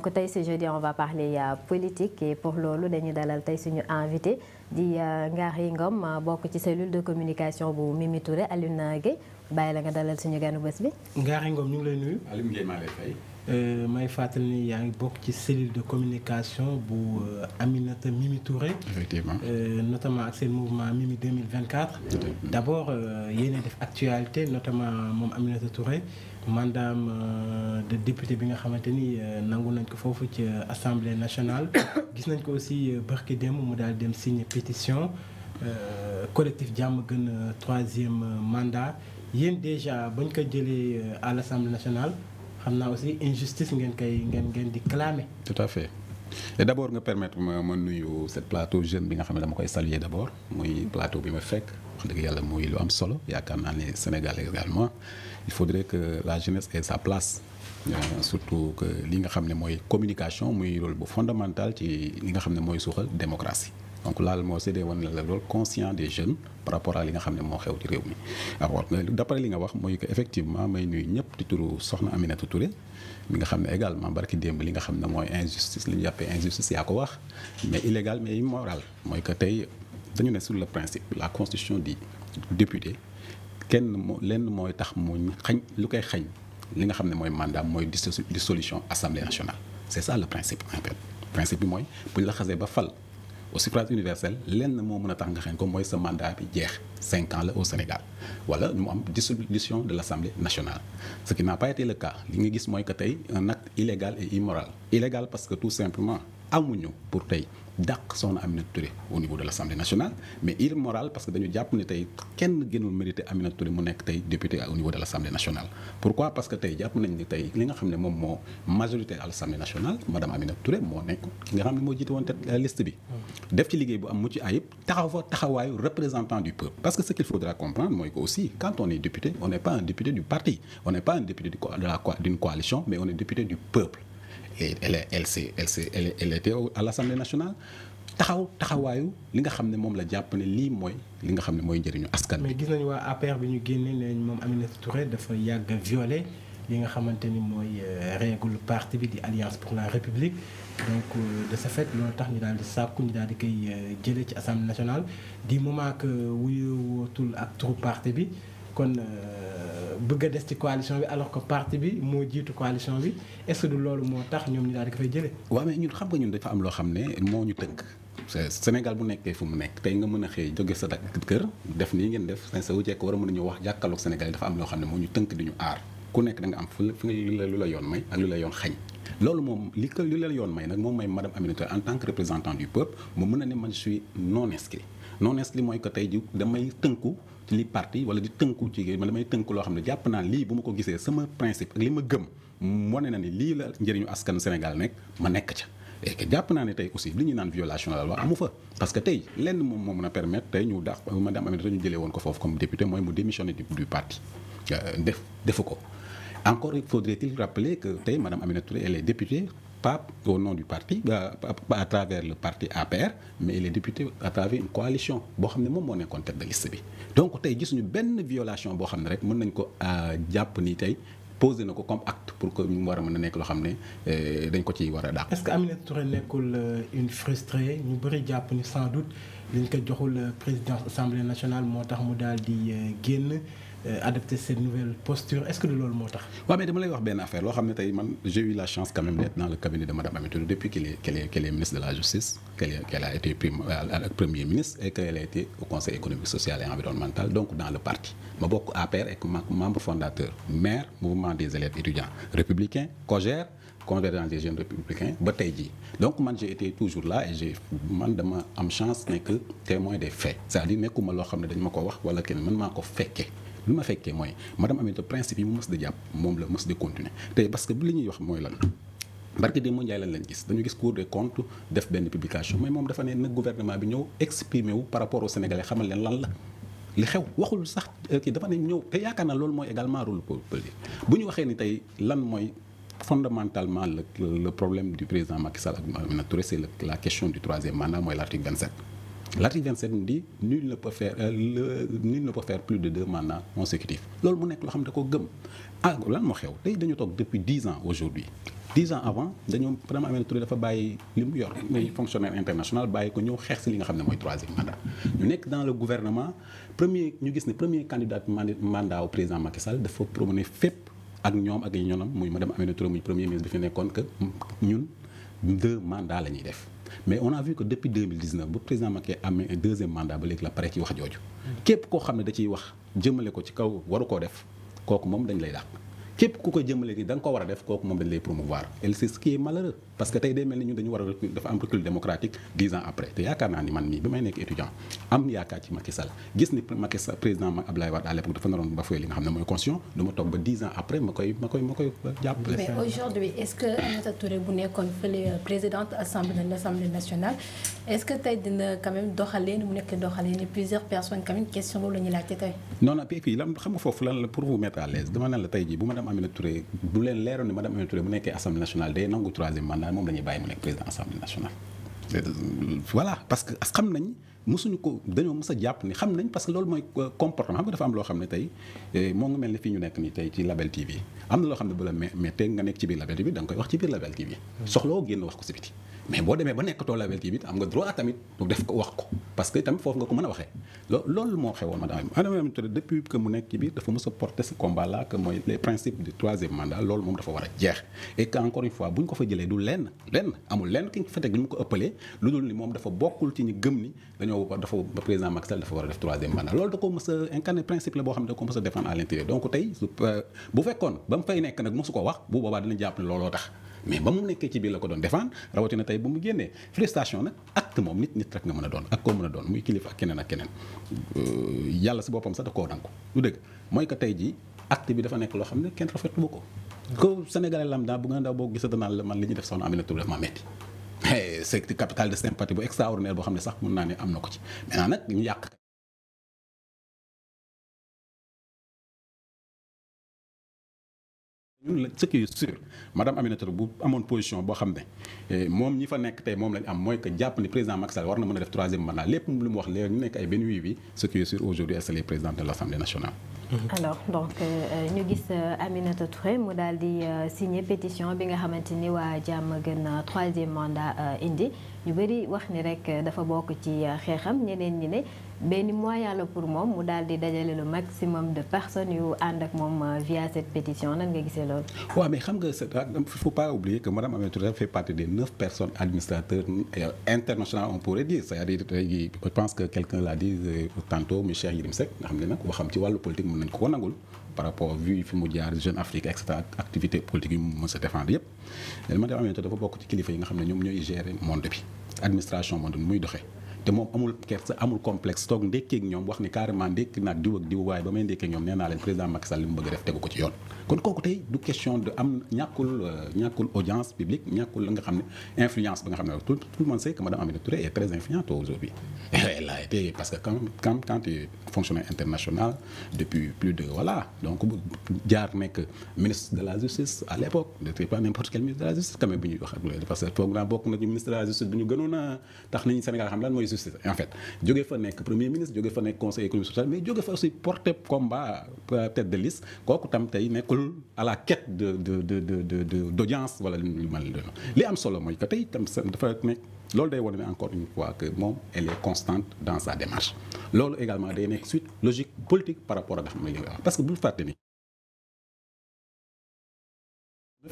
donc tey si jeudi on va parler euh, politique et pour loolu dañu dalal tey suñu invité di euh, Ngari Ngom euh, bokk ci cellule de communication bu Mimi Touré Alioune Guèye bàyyi la nga dalal suñu ganu bés bi. Ngari Ngom ñu ngi lay nuyu. Alioune Guèye may fàttali ni yaa ngi bokk ci cellule de communication bu Aminata Mimi Touré. effectivement notamment ak seen mouvement Mimi 2024. d' abord yéen def actualité notamment moom Aminata Touré. mandaam euh, de député bi nga xamante ni euh, nangu nañ ko foofu ci euh, assemblée nationale gis nañ ko aussi barki démb mu daal dem signer pétition collectif jàmm gën troisième mandat yéen déjà bañ ko jëlee à l' assemblée nationale xam naa aussi injustice ngeen koy ngeen ngeen di clamer. tout à fait et d' abord nga permettre ma ma nuyu cette plateau jeune bi nga xam ne dama koy saluer d' abord muy plateau bi ma fekk. wax dëgg yàlla muy lu am solo yaakaar naa ne Sénégal également il faudrait que la jeunesse ait sa place euh, surtout que li nga xam ne mooy communication muy rôle bu fondamental ci li nga xam ne mooy suuxal démocratie donc laal moo seddee woon la lool conscient des jeunes par rapport ak li nga xam ne moo xew ci réew mi alors d'après li nga ñëpp di turu soxna Aminata Touré mi nga xam ne également li nga xam ne mooy injustice li ñu jàppee injustice yaa ko wax mais illégal mais immoral mooy que tey dañu ne sur le principe la constitution dit député kenn moo lenn mooy tax mu xañ lu koy xañ li nga xam ne mooy mandat mooy dissolution assemblée nationale c'est ça le principe en principe bi mooy bu ñu la xasee ba fal au suffrage universel lenn moo mën a tax nga xañ ko mooy sa mandat bi jeex cinq ans la au Sénégal wala mu am dissolution de l'Assemblée nationale ce qui n'a pas été le li nga gis mooy que tey un acte illégal et immoral illégal amuñu pour tey dàq soxna Aminata Touré au niveau de l' assemblée nationale mais immoral parce que dañu jàpp ne tey kenn gënul mérité Aminata Touré mu nekk tey député au niveau de l' assemblée nationale. pourquoi parce que tey jàpp nañ ni tey li nga xam ne moom moo majorité assemblée nationale madame Aminata Touré moo nekk nga xam ne moo jiite woon tête euh, bi. def ci liggéey bu am mucc ayib taxawaayu représentant du peuple. parce que ce qu'il faudra comprendre et elle elle s'est elle s'est nationale taxaw taxawaayu li nga xam ne moom la jàpp lii mooy li nga xam ne mooy njëriñu askan bi. mais gis nañu waa APR bi ñu génnee ne moom Aminata Touré dafa yàgg a violé li nga xamante ni mooy euh, règle parti bi di alliance pour la république donc euh, de sa fet loolu tax ñu daal di sàkku ñu daal di koy euh, jëlee ci assemblée nationale di moment que wuyootul ak turu parti bi. kon euh, bëgg a des ci coalition bi alors que parti bi moo jiitu coalition bi est-ce que du loolu moo tax ñoom ñu daal di ko fay jëlee. waaw mais ñun xam nga ñun dafa am loo xam ne moo ñu tënk. Sénégal bu nekkee fu mu nekk tey nga mën a xëy jóge sa dakk kër def nii ngeen def sa wu jekk war mën a wax jàkkaarloog Sénégal yi am loo xam ne moo ñu tënk di ñu aar ku nekk da nga am fu lu la yoon may ak lu la yoon xañ loolu moom li ko li la yoon may nag moom may madame Aminata en tant que représentant du peuple mu mën a ne man je suis non inscrit li mooy que tey ji damay tënku li parti wala di tënku ci man may tënk loo xam ne jàpp naa lii bu ma ko gisee sama principe ak li ma gëm wane na ni lii la njëriñu askan Sénégal nekk ma nekk ca et que jàpp naa ne tey aussi li ñuy naan violation de la amu fa parce que tey lenn moom moo mën a permettre tey ñu dàq madame Aminata ñu jëlee woon ko foofu comme député mooy mu démissionné du parti euh, def defu ko encore il faudrait-il rappeler que tey madame Aminata Touré elle est pas au nom du parti pas à travers le parti APR mais il est député à travers une coalition boo xam ne moom moo nekkoon tête de bi donc tey gisuñu benn violation boo xam ne rek mën nañ ko euh, jàpp ni tey posé na ko comme acte pour que ñu war a mën a nekk loo xam ne euh, dañ ko ciy war a dàq. est-ce que Aminata Touré nekkul euh, une frustrée ñu bëri jàpp ni sans doute ko joxul président assemblée nationale moo tax mu daal di génn. Euh, adopter cette nouvelle posture est-ce que du loolu moo tax. waaw mais dama lay wax benn affaire loo xam ne tey man j'ai eu la chance quand même d'être dans le cabinet de a été prime euh, premier ministre et qu'elle a été au conseil économique social ba tey jii donc man j'ai été toujours man dama am chance nekk témoin des faits c'est-à-dire nekkuma loo xam ne dañ ma ko wax wala kenn man maa ko fekkee bi ma fekkee mooy madame Aminata principe yi mu mës di jàpp moom la mës di continuer tey parce bi li ñuy wax mooy lan barke de moo njaay lan leen gis dañu gis cour des comptes def benn publication mais moom dafa ne nag gouvernement bi ñëw exprimer wu par rapport au sénégalais xamal leen lan la li xew waxul sax euh, kii dafa ne ñëw te yaakaar na loolu mooy également rôle peuple bu ñu waxee ni tey lan mooy fondamentalement le, le problème du président Macky Sall la question du L'article 27 nous dit nul ne peut faire euh, le nul ne peut faire plus de deux mandats consécutifs loolu mu nekk loo xam ne da ko gëm ah lan moo xew tey dañu toog depuis dix ans aujourd'hui dix ans avant dañoo Madame Aminata Touré dafa bàyyi mu yor muy fonctionnaire international ko ñëw xeex si li nga xam ne mooy troisième nekk dans le gouvernement premier ñu gis ne premier candidat mandat au président Macky Sall dafa promener fépp ak ñoom ak yi ñoonam muy Madame Aminata Touré muy premier ministre bi fi nekkoon que ñun deux mandats la ñuy def mais on a vu depuis 2019 bu président Macky amee un deuxième mandat ba léegi la pare ci wax jooju képp koo xam ne da ciy wax jëmale ko ci kaw waru koo def kooku moom dañ lay dàq képp ku ko jëmale ci da ko war a def kooku moom dañ lay promouvoir et c'est ce qui parce que tey day mel ni ñun dañu war a dafa am dix ans après te yaakaar naa ni man mii bi may nekk étudiant am yaakaar ci Macky gis ni Macky président ma après ma koy ma koy jàppale. aujourd'hui est-ce que Aminata Touré bu nekkoon fële euh, présidente assemblée est-ce que tey dina quand même doxalee mu nekk doxalee ni plusieurs personnes madame Aminata Touré bu leen leeroon ne madame Aminata Touré bu nekkee assemblée nationale day nangu troisième mandat moom dañuy bàyyi mu nekk président assemblée nationale. Euh, voilà parce xam nañ mosuñu ko dañoo mos a jàpp ni xam nañ parce loolu mooy euh, comportement xam nga dafa am loo xam ne tey euh, moo ngi mel ni fii ñu nekk nii tey ci Label TV am na loo xam ne bu la mettee nga nekk ci biir Label TV da koy wax ci biir Label TV. Hmm. soxla woo génn wax ko si mais boo demee ba nekkatoo label tamit am nga droit tamit donc def ko wax ko parce que tamit foofu nga ko mën a waxee loolu moo xewoon madame Adama Mimi mu nekk ci biir dafa mës a porter ce combat là que a jeex et que encore une fois bu lu mu ko ëppalee lu dul ni moom dafa bokkul ci ñu gëm ni dañoo dafa président Macky Sall dafa war a def troisième mandat loolu da ko mës a principe la boo xam ne ko mës a défendre à l'intérieur donc tey euh, bu fekkoon ba mu fay nekk nag mosu ko wax bu boobaa dina jàpp ne looloo tax mais ba mu nekkee ci biir la ko doon défendre rawatina tey ba mu génnee félicitation nag acte moom nit nit rek nga mën a doon ak koo mën a doon muy kilifa ak keneen ak keneen euh, yàlla si boppam sax da koo nangu lu dëgg mooy que tey jii acte bi dafa nekk loo xam ne kenn rafetlu ko ko sénégalais lambda bu nga ndaw boo gisee danaa la man li ñu def soxna Amina Touré dafa ma metti c'est capital de sympathie bu extraordinaire boo xam ne sax mën naa ne am na ko ci maintenant nag ñu yàq ñun ce qui est sûr madame Aminata bu amoon position boo xam ne eh, moom ñi fa nekk tey moom lañ am mooy que jàpp ni président Macky war na mën a def troisième mandat lépp lu mu wax léegi nekk ay benn wii bi ce qui est sûr aujourd'hui c'est le président de l'Assemblée nationale Mm-hmm. alors donc euh, euh, ñu gis euh, Aminata Touré mu daal di signer pétition bi nga xamante ni waa jàmm gën troisième mandat indi ñu bari wax ni rek dafa bokk ci xeexam ñeneen ñi ne benn moyen la pour moom mu daal di dajale le maximum de personnes yu ànd ak moom via cette pétition nan nga gisee loolu. waaw mais xam nga c' il faut pas oublier que madame Aminata Touré fait partie des neuf personnes administrateurs internationales on pourrait dire c' est pense que quelqu'un l'a dit mën nañ ko ko nangul par rapport vu fi mu jaar Jeune Afrique et activité politique yu mu mën sa défendre yëpp. man de am dafa bokk ci kilifa yi nga xam ne ñoom ñooy gérer monde bi administration monde bi muy doxee. te moom amul kersa toog ndékkeeg ñoom wax ni carrément ndékki naag diw ak diw waaye ba may ndékkeeg ñoom nee leen président Macky Sall li mu bëgg a def tegu ko ci yoon kon kooku tey du question de am ñàkkul euh, audience publique ñàkkul nga xam ne influence ba nga xam ne tout tout le monde sait que madame parce que quand quand quand tu es international depuis plus de voilà donc jaar nekk ministre de la justice à l'époque de la justice quand justice en fait jóge fa nekk premier ministre jóge fa nekk conseil économique social mais jóge fa aussi porter combat euh, tête de liste kooku tam tey nekkul à la quête de de de de de d' audience wala lu mel noonu li am solo mooy que tey tam dafa nekk loolu day wane encore une fois que moom elle est constante dans sa démarche loolu également day nekk suite logique politique par rapport ak nga xam ne parce que bul fàtte ni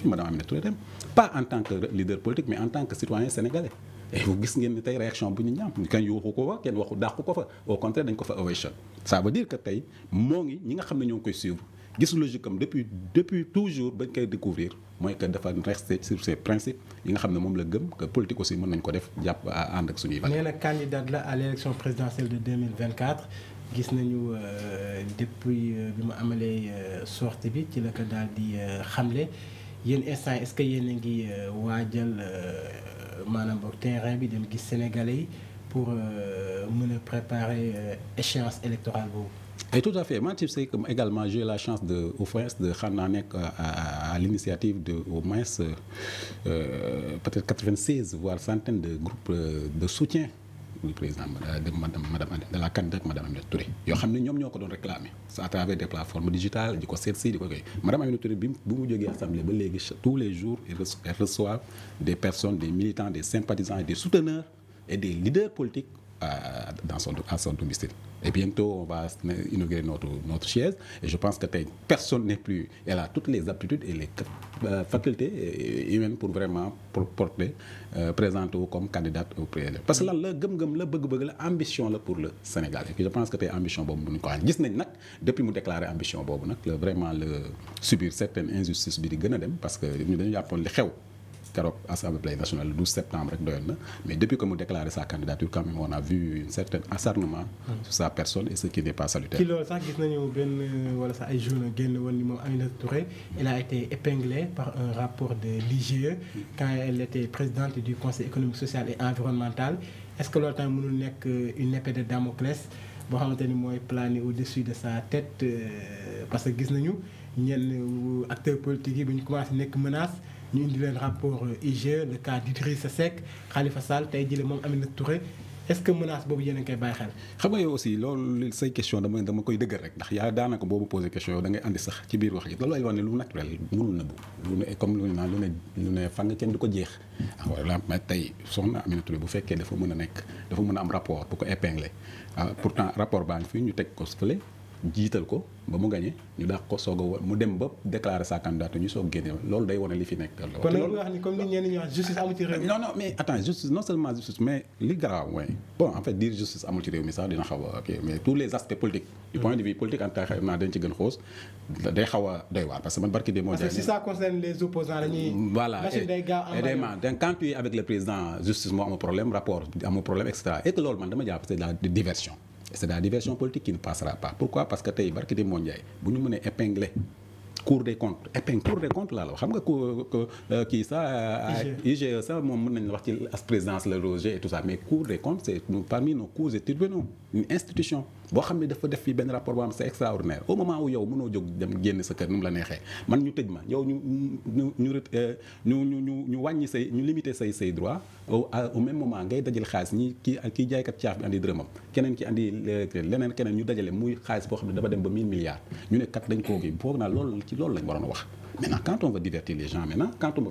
madame am Touré dem pas en tant que leader politique mais en tant que citoyen sénégalais et vous gis ngeen tey réaction bu ñu ñaam kenn yuuxu ko fa kenn waxu dàqu ko fa au contraire dañ ko fa ovation ça veut nga xam ne ñoo ngi koy suivre gis logique am depuis depuis toujours bañ koy découvrir mooy que dafa resté sur ses principes yi nga xam ne moom la gëm que politique aussi mën nañ ko def jàpp ànd ak suñuy valeur nee na candidat la à l'élection présidentielle de 2024 gis nañu euh, depuis euh, bi mu amalee euh, sortie bi ci la ko daal di xamle yéen instant est-ce que yéen a ngi euh, waajal euh, maanaam boog terrain bi dem gis Sénégalais yi pour euh, mën a préparer échéance électorale boobu. et tout à fait man tu également j'ai la chance de au moins de xam naa nekk à l'initiative de au moins euh, peut-être 96 voire centaines de groupes de soutien. muy président madame madame de la candidate madame Aminata Touré yoo xam ne ñoom ñoo ko doon réclamer à travers des plateformes digitales di ko seet si di ko koy madame Aminata Touré bi mu jógee assemblée ba léegi tous les jours elle reçoit des personnes des militants des sympathisants et des souteneurs et des leaders politiques euh, dans son à son Et bientôt, on va inaugurer notre, notre chaise. je pense que tey personne ne plus. Elle a toutes les aptitudes et les euh, facultés humaines pour vraiment pour porter, euh, présenter comme candidate au président. Parce que là, le gum le bug bug, l'ambition pour le Sénégal. Et je pense que c'est ambition bobu nous nak depuis nous déclarer ambition bobu nak vraiment le subir certaines injustices bi di gëna dem parce que nous dañu jappon li xew keroog assemblée play nationale le 12 septembre rek doyoon na mais depuis que mu déclaré sa candidature quand même on a mm. loolu sax gis nañu benn euh, wala sax ay journaux génn woon ni moom été épinglée par un rapport de l'IGE quand elle était présidente du conseil économique social et environnemental est-ce que loolu tamit mënul nekk euh, une épée de Damoclès boo xamante ni mooy plané au-dessus de sa tête euh, parce que gis nañu ñenn acteurs politiques yi bu ñu nekk menace ñu indi leen rapport euh, IGE le cas d'Idrissa Seck Khalifa Sall tey jii moom Aminata Touré est-ce que menace boobu yéen a ngi koy bàyyi xel. xam nga yow aussi loolu say question dama koy dëggal rek ndax yaa daanaka boobu posé question yow da ngay andi sax ci biir wax ji loolu lay wax ne lu naturel mënul nëbbu lu ne comme lu ne naan lu ne fan nga du ko jeex. ah voilà tey soxna Amina Touré bu fekkee dafa mën a nekk dafa mën a am rapport bu ko épinglé ah pourtant rapport ñu teg ko fële jiital ko ba mu gañe ñu dàq ko soog mu dem ba déclarer sa candidature ñu soog génne loolu day wane li fi nekk. kon loolu nga wax ni wax justice amul tous les aspects politiques. du mm. point de vue politique en tout cas dañ ci gën xoos day xaw doy waar parce que man barki de moo. parce que si concerne les opposants dañuy. Mm, voilà machine day gaaw avec le président justice moo amul problème rapport amul problème et cetera man dama jàpp c'est la diversion. et c'est la diversion politique qui ne passera pas pourquoi parce que tey barki di moo Ndiaye bu ñu mënee épingler cour des comptes épingle cour des comptes laa la wax xam nga ko euh, kii euh, e, e sa IGE moom mën nañ wax ci as présidence le rojet et tout ça mais cour des comptes c'est parmi nos cours et tribunaux une institution boo xam ne dafa def fii benn rapport boo xam c'est extraordinaire au moment où yow mënoo jóg dem génn sa kër nu mu la neexee man ñu tëj ma yow ñu ñu ñu euh, ñu ñu ñu wàññi say ñu limité say say droit au même moment ngay dajal xaalis ñi kii kii jaaykat caaf bi andi dërëmam keneen ki andi euh, leneen keneen ñu dajale muy xaalis boo xam ne dafa dem ba 1000 milliards ñu ne kat dañ koo kii foog naa loolu ci loolu lañ waroon a wax maintenant quand on va divertir les gens maintenant quand on va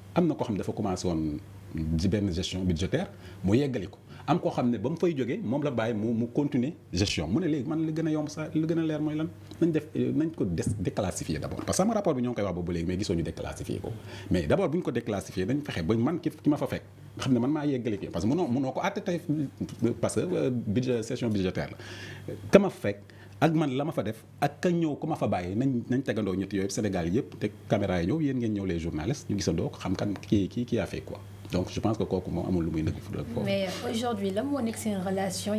am na koo xam ne dafa commencé woon ci benn gestion budgétaire mu yeggali ko am koo xam ne ba mu fay jógee moom la bàyyi mu mu continuer gestion mu ne léegi man li gën a yomb sa li gën a leer mooy lan nañ def nañ ko des déclassifier d' abord parce koy wax boobu léegi mais gisoo ñu déclassifier ko mais d' bu ñu ko déclassifier dañ fexe ba man ki ma fa fekk nga xam ne man maa yeggali kii parce que mënoo mënoo ko àtte tey parce que euh, budget session budgétaire la ka fekk ak man la ma fa def ak ñëw ku ma fa bàyyi nañ tegandoo ñetti yooyu Sénégal yëpp te caméra ñëw yéen ngeen ñëw les journalistes ñu gisandoo a fait quoi donc je pense que kooku moom amul lu muy nëkk fu la ko mais aujourd'hui lan moo nekk seen relation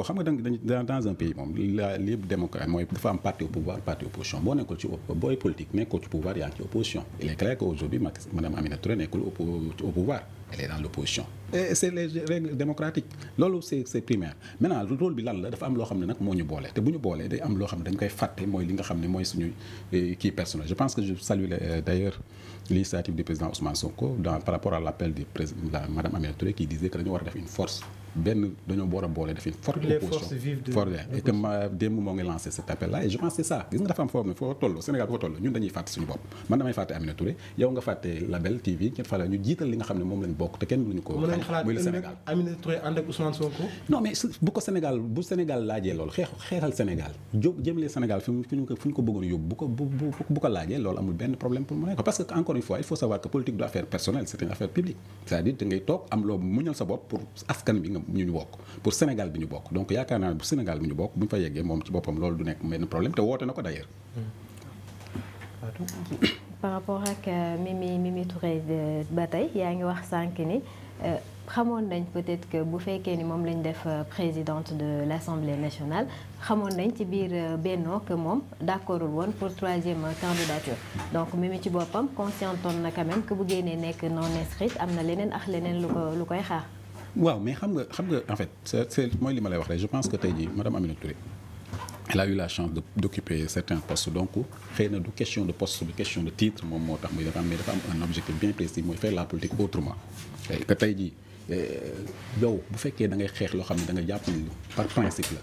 xam nga dans un pays moom la libre démocratie mooy dafa am parti au pouvoir parti opposition boo nekkul ci booy politique nekkul ci pouvoir yaa ngi ci opposition il est au pouvoir. est dans l'opposition et c'est loolu c'est primaire maintenant rôle bi lan la dafa am loo xam ne nag moo ñu boolee te bu ñu boolee day am loo xam ne dañ koy fàtte mooy li nga xam ne mooy suñu eh, kii personnel je pense que je salue euh, d'ailleurs l'initiative du président Ousmane Sonko par rapport à l'appel du président Madame Aminata Touré qui disait que dañu war a def une force benn dañoo boor a boole dafay forte opposition forte et que ma démb moo ngi lancé cet appel là et je pense c'est ça gis nga dafa am foofu ne foo toll Sénégal bu ko toll ñun dañuy fàtte suñu bopp man damay fàtte Amina Touré yow nga fàtte Label TV ngeen fàtte ñu jiital li nga xam ne moom lañ bokk te kenn mënuñu ko muy le Sénégal Amina Touré ànd ak Ousmane Sonko non mais bu ko Sénégal bu Sénégal laajee loolu xeex xeexal Sénégal jó jëmale Sénégal fi ñu ko fu ñu ko bëggoon yóbbu bu ko bu ko laajee loolu amul benn problème pour mu ne ko parce que encore une fois il faut savoir que politique du affaire personnelle c'est une affaire publique c'est-à-dire da ngay toog am loo muñal sa bopp pour askan bi ñu ñu bokk pour Sénégal bi ñu bokk donc yaakaar naa ne bu Sénégal bi ñu bokk bu ñu fa yeggee moom ci boppam loolu du nekk benn problème te na ko d'ailleurs. par rapport ak euh, Mimi Mimi Touré euh, ba tey yaa ngi wax sànq ni euh, xamoon nañ peut-être que bu fekkee ni moom lañ def présidente de l'Assemblée nationale xamoon nañ ci biir Benno que moom d'accordul woon pour troisième candidature donc Mimi ci boppam conscientoon na quand même que bu génnee nekk non inscrite am na leneen ak leneen lu ko lu koy xaar. waaw mais xam nga xam nga en fait c'est mooy li ma wax rek je pense que tey jii madame Amina Touré elle a eu la chance de d'occuper certains postes donc xëy na du question de poste du question de titre moom moo tax muy dafa am mais dafa am un objectif bien précis mooy faire la politique autrement que tey jii eh, yow bu fekkee da ngay xeex loo xam ne da nga jàpp ni par principe la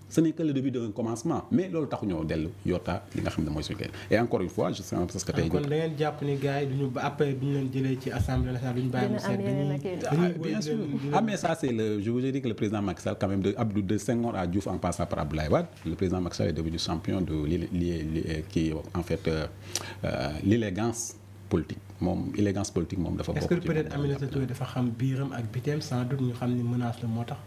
ce n'est que le début d'un commencement mais loolu taxu ñoo dellu yotta li nga xam ne mooy suñu kay et encore une fois je sais parce que tey kon da ngeen jàpp ni gars yi duñu bi ñu leen jëlee ci assemblée nationale duñu bàyyi mu seet ah, bien ah, de Abdou de Senghor en passant par Abdoulaye Wade le président Macky Sall est devenu champion de li euh, qui en fait euh, euh, l'élégance politique moom élégance politique moom dafa bokk ci est-ce que dafa xam biiram ak biteem sans doute ñu xam tax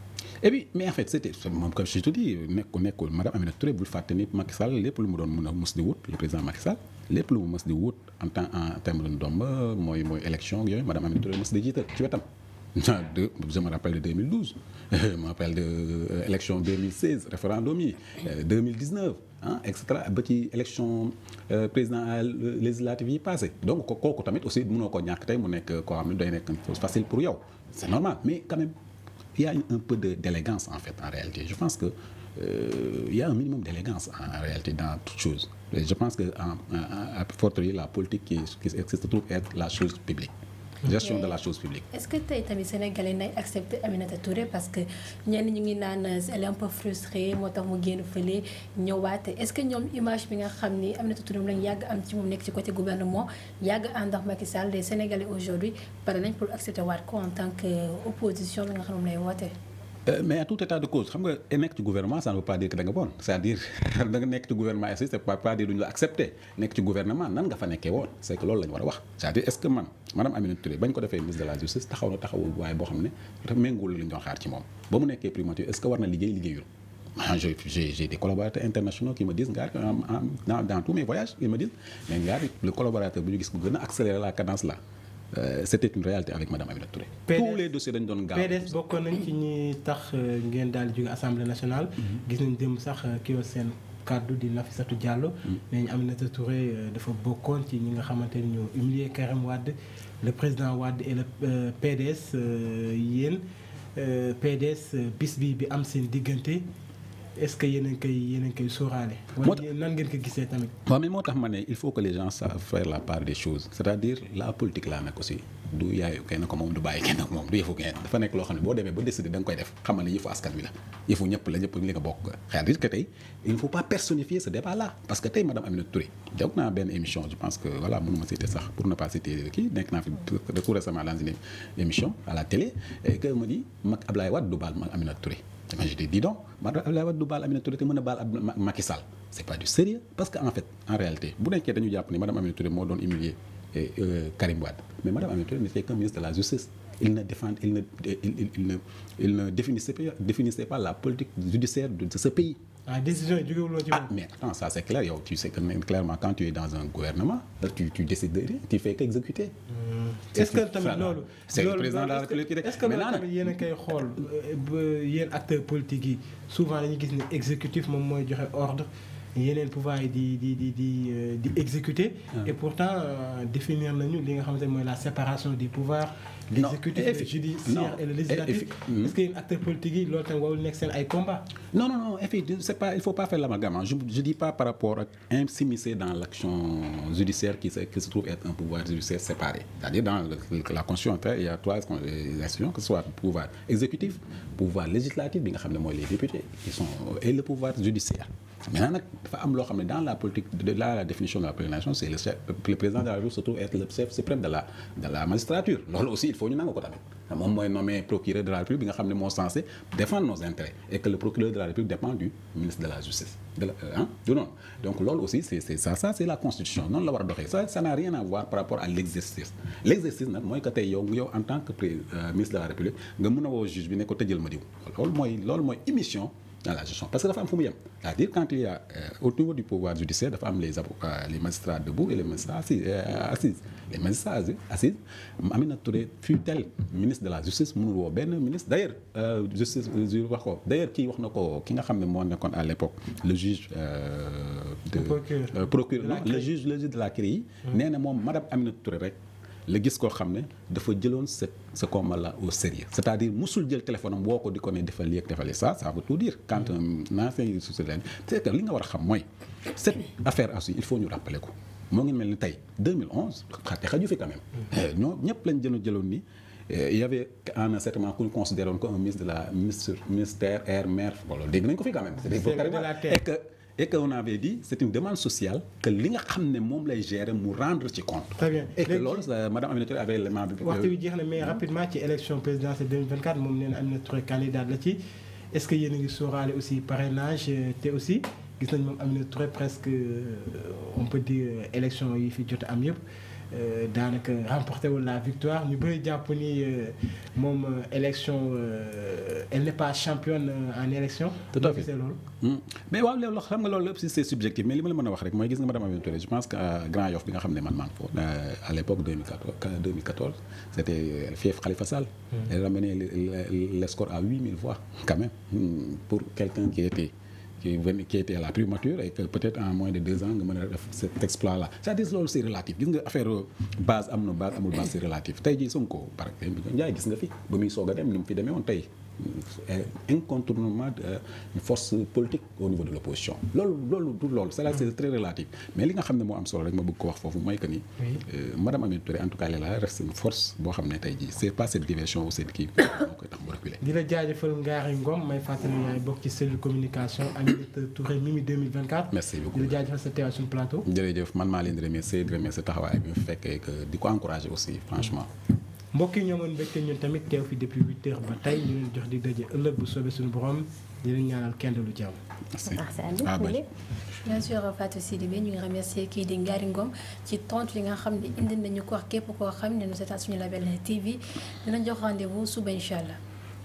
et puis mais en fait c' moom comme je te dis nekk nekkul madame Aminata Touré bul fàtte ni Macky lépp lu mu doon mën a mës di wut le président Macky Sall lépp lu mu mës di wut en temps en terme de ndomba mooy mooy élection yooyu madame Aminata Touré mës di jiital ci wetam. de je me rappelle de 2012 je de euh, élection 2016 yi 2019 ah euh, et cetera ba ci élection euh, président législative yi passé donc tamit aussi mënoo ko ñàkk tey mu nekk koo xam ne day nekk chose facile pour yow c' est il y a un peu de d'élégance en fait en réalité je pense que euh, il y a un minimum d'élégance en, en réalité dans toute chose et je pense que en, en, à fortiori la politique qui, qui, qui se trouve être la chose publique gestion de la chose publique. est-ce que tey tamit sénégalais nay accepté Aminata Touré parce que ñenn ñu ngi naan elle est un moo tax mu génn fële ñëwaate est-ce que ñoom image bi nga xam ni Aminata Touré moom lañ yàgg am ci moom nekk ci côté gouvernement yàgg ànd ak Macky Sall les sénégalais aujourd'hui pare nañ pour accepter waat ko en tant que opposition la nga xam ne moom lay wootee. Euh, mais à tout état de cause xam nga nekk ci gouvernement ça ne pas dire que da bon c'est-à-dire da nekk ci gouvernement aussi c'est pas pas dire duñu la accepter nekk ci gouvernement nan nga fa nekkee woon c'est que loolu la war a wax c'est-à-dire est-ce que man madame Aminata Touré bañ ko defee ministre de la justice taxaw na taxawul waaye boo xam ne dafa méngóol doon xaar ci moom ba mu nekkee primature est que war na liggéey liggéeyul ah, j'ai j'ai des collaborateurs internationaux a Euh, c'était une réalité avec madame Aminata Touré. tous les dossiers dañ doon gaaw. PDS bokkoon nañ ci tax euh, ngeen daal di jóge assemblée nationale. Mm-hmm. gis nañ démb sax euh, kii seen kàddu di Nafissatou Diallo. Mm-hmm. nee nañ Aminata Touré dafa bokkoon ci ñi nga xamante ni ñoo humilier Karim Wade le président Wade le PDS yéen PDS bis bi bi am seen diggante. est-ce que yéen a ngi koy moo tax nan ngeen ko gisee tamit. waaw mais moo tax ma ne il faut que les gens savent faire la part des choses c'est-à-dire la politique laa nekk aussi. du yaayu kenn ko moom du bàyyi kenn ko moom du yëfu kenn dafa nekk loo xam ne boo demee ba décider da nga koy def xamal ne yëfu askan wi la yëfu ñëpp la ñëpp li nga bokk cest à du baal mag Aminata Touré mais eh je te du baal Aminata Touré te mën a baal Macky Sall c'est pas du sérieux parce que en fait en réalité bu nekkee dañu jàpp ne madame Aminata Touré moo doon humilier Euh, Karim Wade mais madame Aminata Touré ministre la justice il ne défend il ne il, il ne il ne définissait définissait pas la politique judiciaire de, de ce ah, décision yi jógewuloo ci ah mais attends ça c'est clair tu sais que même clairement quand hmm. est-ce loolu. loolu tamit yéen a koy xool euh, yi souvent gis ne exécutif moom mooy joxe ordre. yeneen pouvoir yi di di di di euh, di exécuter ah. et pourtant euh, définir nañu li nga xam ne mooy la séparation du pouvoir l'exécutif législatif est-ce hmm. que yéen acteurs politiques yi loolu tamit warul nekk combat non non non effet faut pas faire l'amalgame je dis pas par rapport ak s'immiscer dans l'action judiciaire qui se trouve être un pouvoir judiciaire séparé c'est-à-dire dans le, la constitution il y a trois institutions que ce soit pouvoir exécutif pouvoir législatif bi nga qui sont et le pouvoir judiciaire maintenant nag dafa am loo dans la politique de la, définition de la président de la République foo faut ñu nangu ko tamit moom mooy nommé procureur de la République bi nga xam ne moo censé défendre nos intérêts et que le procureur de la République dépend du ministre de la justice de la ah donc loolu aussi c'est c'est ça ça c'est la constitution noonu la war a doxee ça ça n'a rien à voir par rapport à l'exercice l'exercice nag mooy que tey yow yow en tant que euh, ministre de la République nga mën a woo juge bi ne ko tëjal ma diw loolu mooy loolu dans la parce que dafa am fu mu yem cest dire quand il y a euh, au niveau du pouvoir judiciaire dafa am les avocats les magistrats debout et les magistrats euh, assises les magistrats assises Aminata tel ministre de la justice mënul woo benn ministre d'ailleurs euh, justice wax ko d'ailleurs kii wax na ko ki nga xam ne moo nekkoon à l'époque le juge de de la CREI nee na moom madame Aminata Touré rek la gis koo xam ne dafa jëloon ce ce combat là au sérieux c'est-à-dire musul jël téléphone woo ko di ko ne defal lii ak defal lii ça ça tout dire quand un ancien ressourcelaine c'est que li nga war a xam mooy cette affaire il faut ñu rappeler ko moo ngi mel ni tey 2011 xate xaju fi quand même eh, ñoo ñëpp lañ jëloon jëloon ni eh, y avait en un certain moment ku ñu considéré woon comme un de la ministre ministère air mer wala dégg nañ ko fi quand même c'est que et que on avait dit c' est une demande sociale que li nga xam ne moom lay gérer mu rendre ci compte. très bien et que loolu euh, madame Aminata avait élément bi. waxtu bi jeex na mais mm-hmm. rapidement ci élection présidentielle 2024 moom nee na Aminata Touré candidat la ci est ce que yéen ngi sóoraale aussi parrainage euh, te aussi gis nañ moom Aminata Touré presque euh, on peut dire élection yi fi jot am yëpp. Euh, daanaka remporté wul la victoire ñu bëri jàpp ni euh, moom euh, élection elle n'est pas championne en élection. tout à fait loolu. Hmm. mais waaw loolu xam nga loolu lépp si subjectif mais li ma la mën a wax rek mooy gis nga madame Aminata Touré je pense que Grand Yoff bi nga xam ne man maa ngi foofu. à l'époque 2014 2014 c'était fief Khalifa Sall. Hmm. elle ramenait le le le score à 8000 voix quand même hmm, pour quelqu'un qui qui venait qui était à la primature et que peut-être en moins de deux ans nga mën a def cet exploit là c'est-à-dire loolu c'est relatif gis nga affaire base am na base amul base c'est relatif tey jii Sonko par exemple Ndiaye gis nga fi ba muy soog dem ni mu fi demee on tey Euh, incontournablement euh, une force politique au niveau de l' opposition. loolu loolu du loolu c' est là très relatif mais li nga xam ne moo am solo rek ma bëgg ko wax foofu mooy que ni. Euh, madame Aminata Touré en tout cas elle a reste une c' est pas cette diversion ou cette kii moo koy tax merci beaucoup mu fekkee que di ko encourager aussi franchement. mbokk yi ñoomoon mbégte ñun tamit teew fi depuis huit heures ba tey ñu leen jox di daje ëllëg bu soobee suñu borom di leen ñaanal kenn lu jàmm. merci ah bien sûr Fatou Sidibé ñu ngi remercier kii di Ngari Ngom ci tont yi nga xam ne indi nañu ko wax képp koo xam ne ñu seetaan suñu Label TV dina jox rendez-vous suba incha allah.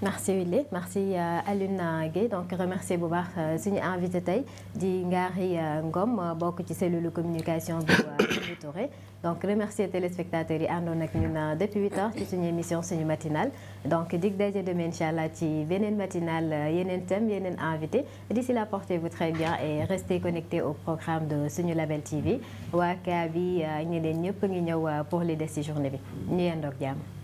merci Willy merci euh, Alioune Guèye donc remercier bu baax euh, suñu invité tey di Ngari euh, Ngom bokk ci cellule communication bi Mimi Touré donc remercier téléspectateurs yi àndoon ak ñun depuis huit heures ci suñu émission suñu matinal donc dig daje demain incha allah ci beneen matinale yeneen thème yeneen invité d'ici là portez-vous très bien et restez connectés au programme de suñu Label TV waa kaa bi ñeneen ñëpp ngi ñëw pour li des ci journée bi ñu yendoog jàmm